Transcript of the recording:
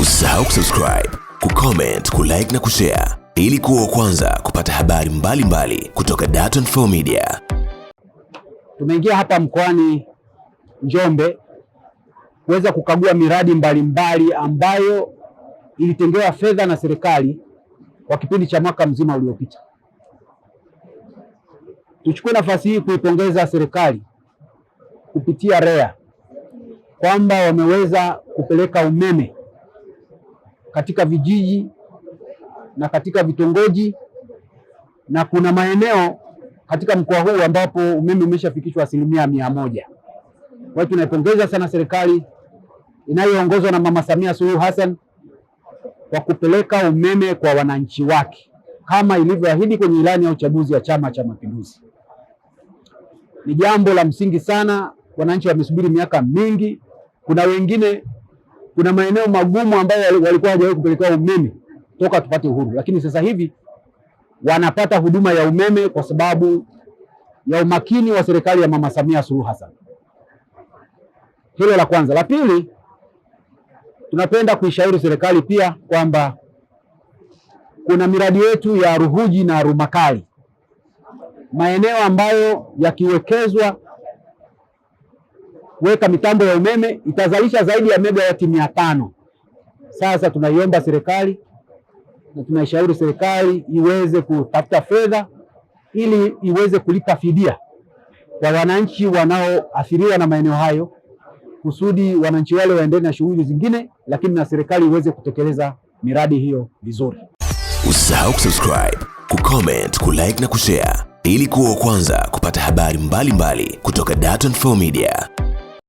Usisahau kusubscribe, kucomment, kulike na kushare ili kuwa kwanza kupata habari mbalimbali mbali kutoka Dar24 Media. Tumeingia hapa mkoani Njombe kuweza kukagua miradi mbalimbali mbali ambayo ilitengewa fedha na serikali kwa kipindi cha mwaka mzima uliopita. Tuchukue nafasi hii kuipongeza serikali kupitia REA kwamba wameweza kupeleka umeme katika vijiji na katika vitongoji, na kuna maeneo katika mkoa huu ambapo umeme umeshafikishwa asilimia mia moja. Kwa hiyo tunaipongeza sana serikali inayoongozwa na Mama Samia Suluhu Hassan kwa kupeleka umeme kwa wananchi wake kama ilivyoahidi kwenye ilani ya uchaguzi ya Chama cha Mapinduzi. Ni jambo la msingi sana. Wananchi wamesubiri miaka mingi, kuna wengine kuna maeneo magumu ambayo walikuwa hawajawahi kupelekewa umeme toka tupate uhuru, lakini sasa hivi wanapata huduma ya umeme kwa sababu ya umakini wa serikali ya Mama Samia Suluhu Hassan. Hilo la kwanza. La pili, tunapenda kuishauri serikali pia kwamba kuna miradi yetu ya Ruhuji na Rumakali, maeneo ambayo yakiwekezwa kuweka mitambo ya umeme itazalisha zaidi ya megawati mia tano. Sasa tunaiomba serikali na tunaishauri serikali iweze kutafuta fedha ili iweze kulipa fidia kwa wananchi wanaoathiriwa na maeneo hayo, kusudi wananchi wale waendelee na shughuli zingine, lakini na serikali iweze kutekeleza miradi hiyo vizuri. Usisahau kusubscribe, kucomment, kulike na kushare ili kuwa wa kwanza kupata habari mbalimbali mbali kutoka Dar24 Media.